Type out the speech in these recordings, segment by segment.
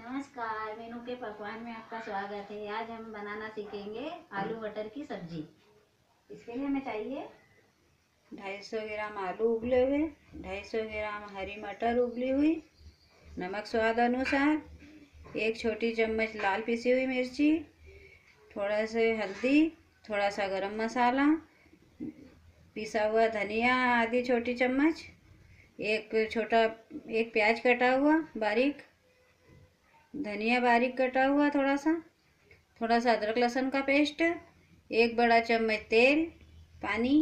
नमस्कार मीनू के पकवान में आपका स्वागत है आज हम बनाना सीखेंगे आलू मटर की सब्जी इसके लिए हमें चाहिए 250 ग्राम आलू उबले हुए 250 ग्राम हरी मटर उबली हुई नमक स्वाद अनुसार एक छोटी चम्मच लाल पिसी हुई मिर्ची थोड़ा सा हल्दी थोड़ा सा गरम मसाला पिसा हुआ धनिया आधी छोटी चम्मच एक छोटा एक प्याज कटा हुआ बारीक धनिया बारीक कटा हुआ थोड़ा सा थोड़ा सा अदरक लहसुन का पेस्ट एक बड़ा चम्मच तेल पानी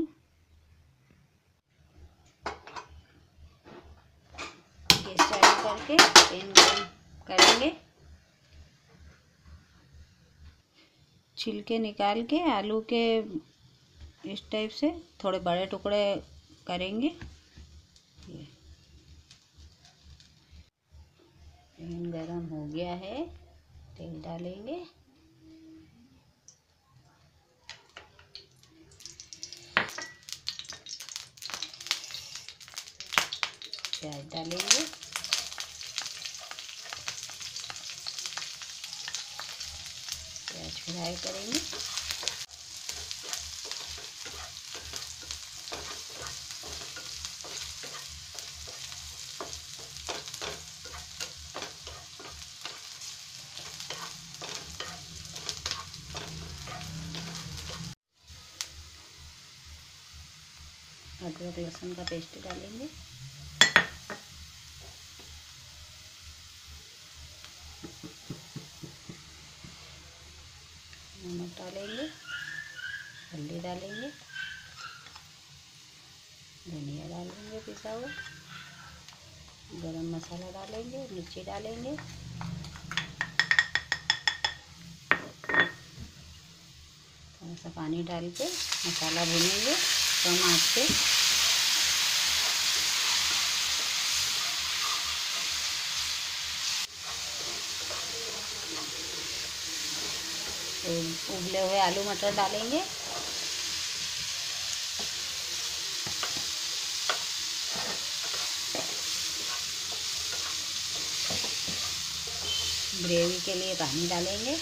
करके पैन करेंगे छिलके निकाल के आलू के इस टाइप से थोड़े बड़े टुकड़े करेंगे पैन गरम हो गया है तेल डालेंगे प्याज डालेंगे प्याज फ्राई करेंगे अदरक लहसुन का पेस्ट डालेंगे नमक डालेंगे हल्दी डालेंगे धनिया डालेंगे पिसा हुआ गरम मसाला डालेंगे मिर्ची डालेंगे थोड़ा सा पानी डाल के मसाला भूनेंगे कम आँच पे उबले हुए आलू मटर डालेंगे ग्रेवी के लिए पानी डालेंगे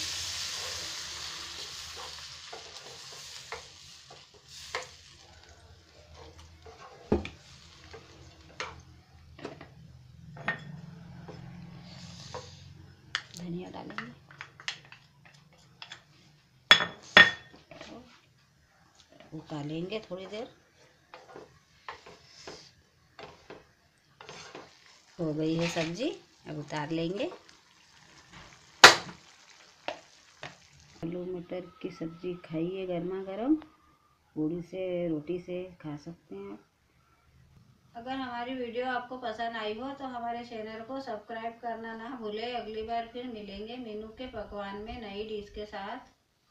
धनिया डालेंगे उकालेंगे थोड़ी देर हो गई है सब्जी अब उतार लेंगे आलू मटर की सब्जी खाइए गर्मा गर्म पूड़ी से रोटी से खा सकते हैं आप अगर हमारी वीडियो आपको पसंद आई हो तो हमारे चैनल को सब्सक्राइब करना ना भूले अगली बार फिर मिलेंगे मीनू के पकवान में नई डिश के साथ